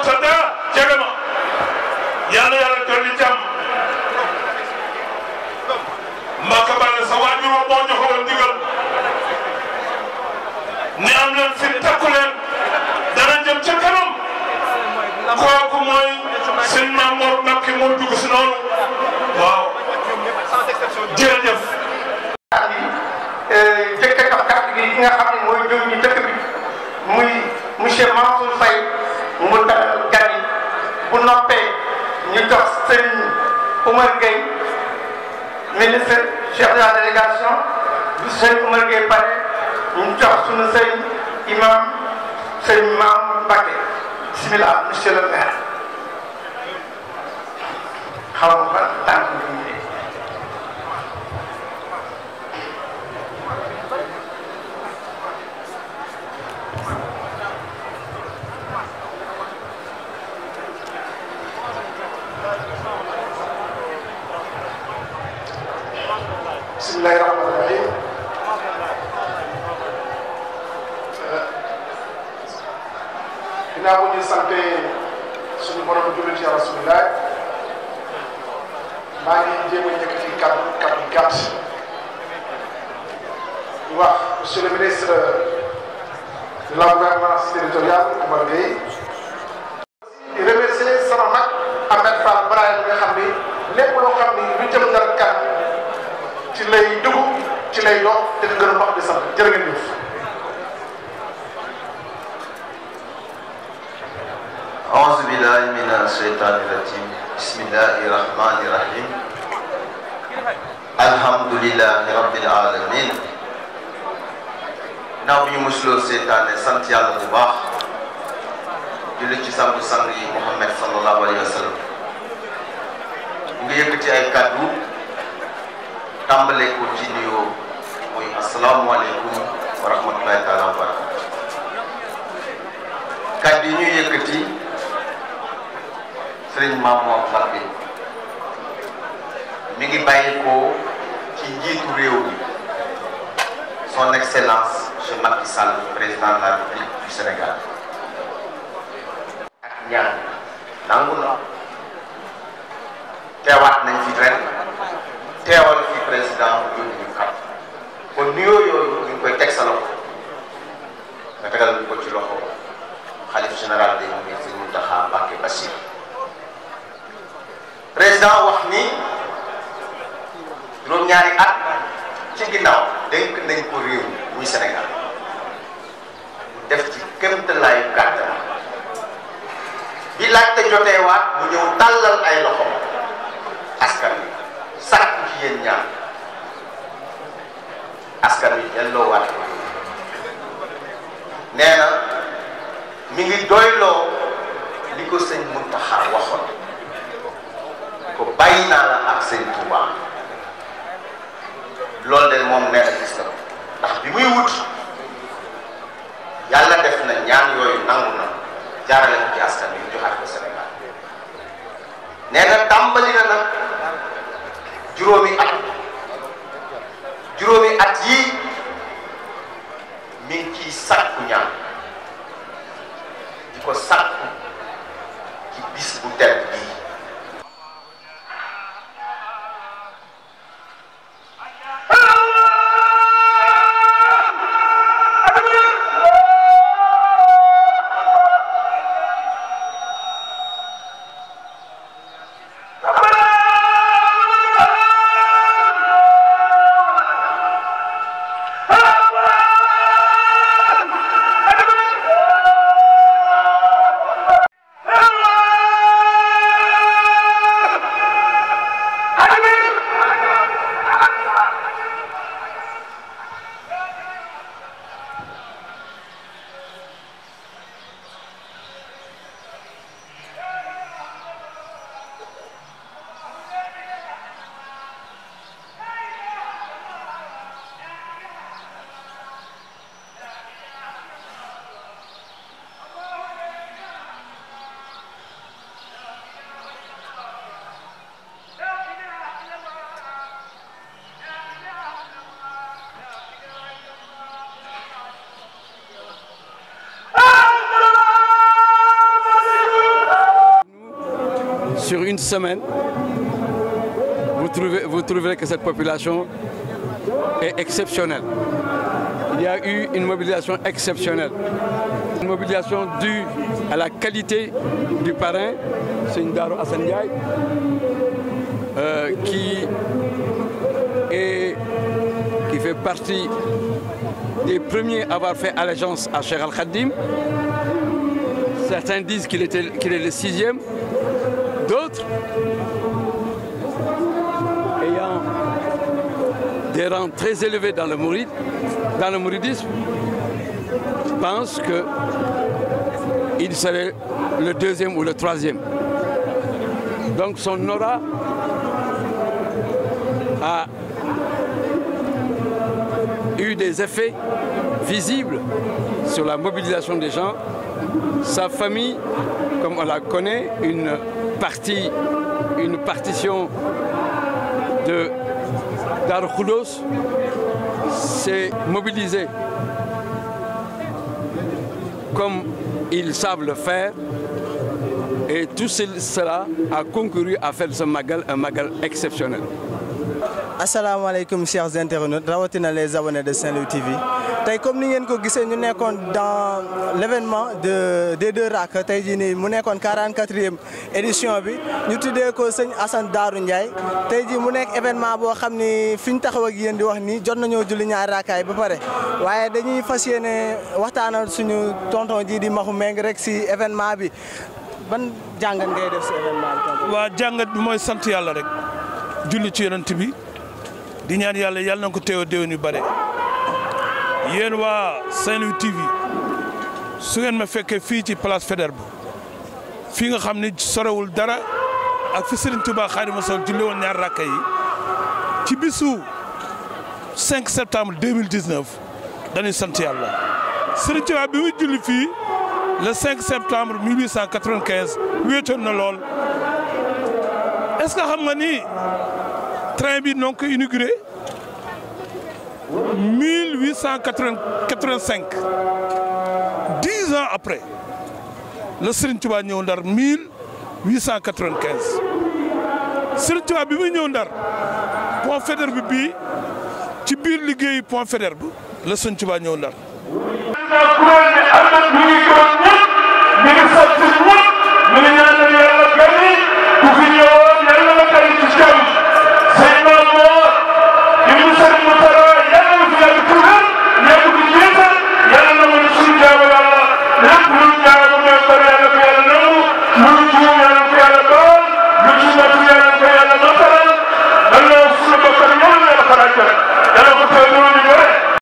muqtada jegema yàlla yàlla dolli jàmm Mbacke Balla sa waajur wa moo ndigal ni am leen fi takku leen dana jëm ca kanam kooku mooy sëñ Mamour Mbacke moo dugg si noonu waaw Serigne Oumar Gueye ministre chef de la délégation bi Serigne Oumar Gueye pare ñu jox suñu Serigne imam Serigne Maam Mbacké bismillah monsieur le maire xaw ma tànk bismillahi rahmaani rahim euh, ginnaaw bu ñu sante suñu borom jullit ci rasulillah maa ngi jéem a ñëkk ci wax monsieur le ministre de la gouvernance territoriale Oumar Gueye ci lay dox te nga gën a dox di sant jërë ngeen jëf أعوذ بالله من الشيطان الرجيم بسم الله الرحمن الرحيم الحمد لله رب العالمين ndax bu ñu musloo seetaane sant yàlla bu baax julli ci sangu sang yi Muhammad sallallahu alayhi wa sallam mu ngi yëkkati ay kàddu tàmbale ko ci nuyoo muy asalaamualeykum wa rahmatulahi taala wa barakatu kàddu yi ñuy yëkkati sëriñ maam moom sax bi mi ngi bàyyi ko ci njiitu réew mi son excellence monsieur Macky Sall président de la République du Sénégal ak ñaan nangu na teewaat nañ fi ren teewal fi président kon nuyoo yooyu ñu koy teg sa loxo nga tegal ñu ko ci loxo xalif général day mu Sëriñ Mountakha Mbacké Bassir président wax ni juróom-ñaari at ci ginnaaw dénk nañ ko réew muy Sénégal def ci kéemtalaayu kàttan bi laajte jotee waat mu ñëw tàllal ay loxo askan wi sàkku ci yéen ñaar. askan wi ngi doyloo li ko sëñ Muntaxa waxoon ko bàyyi naa la ak sëñ Tuuba loolu de moom nee na gis ndax bi muy wut yàlla def na ñaan yooyu nangu na jaarale ko ci askan joxaat ko Sénégal nee na nag juróomi at juróomi at yii mi ngi ciy sàkku ñaan sur une semaine, vous, trouvez, trouverez que cette population est exceptionnelle. Il y a eu une mobilisation exceptionnelle. Une mobilisation due à la qualité du parrain, Sindaro Hassan euh, qui, qui fait partie des premiers à avoir fait allégeance à Cheikh Al-Khadim. Certains disent qu'il est le sixième, D'autres, ayant des rangs très élevés dans le, dans le mouridisme, pensent qu'il serait le deuxième ou le troisième. Donc son aura a eu des effets visibles sur la mobilisation des gens. Sa famille, comme on la connaît, une partie, une partition de s'est mobilisée comme ils savent le faire. Et tout cela a concouru à faire ce Magal un Magal exceptionnel. asalaamaaleykum chers internautes rawatina les abonnés de Saint-Louis TV tey comme ni ngeen ko gisee ñu nekkoon dans lévénement événement de des deux RAC tey jii nii mu nekkoon 44e édition bi ñu tuddee ko sëñ Assane Darou Ndiaye tey jii mu nekk événement boo xam ni fi ñu taxaw ak di wax nii jot nañoo julli ñaari raakaay ba pare waaye dañuy fas yéene waxtaanal suñu tonton ji di Maxu Meng rek si événement bi ban jàngat ngay def si événement bi. waa jàngat bi mooy sant yàlla rek julli ci bi. di ñaan yalla yalla na ko teew déwén yu bare yéen wa Saint-Louis TV su ngeen ma fekke fi ci place Faidherbe fi nga xamni sorawul dara ak fi Serigne Touba Xaadimu Rasuul julli won ñaar rakka yi ci bisu 5 septembre 2019 dañu sant yalla Serigne Touba bi mu julli fi le 5 septembre 1895 wéetoon na lool est-ce que xam nga ni train bi donc inauguré 1885 10 ans après le Serigne Touba ñëw Ndar 1895 Serigne Touba bi muy ñëw Ndar pont Faidherbe bi bii ci biir liggéeyu point fédère bi le Serigne Touba ñëw Ndar.